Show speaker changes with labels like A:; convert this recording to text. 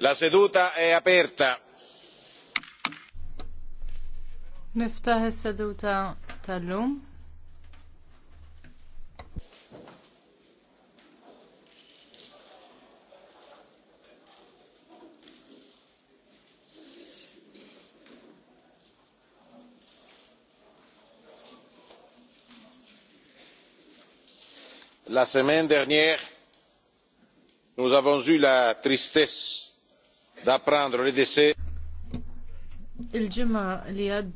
A: La seduta è aperta.
B: Niftaħ is-seduta tal-lum.
C: La semaine dernière, nous avons eu la tristesse da prendre le dissi.
D: Il-ġimma li għad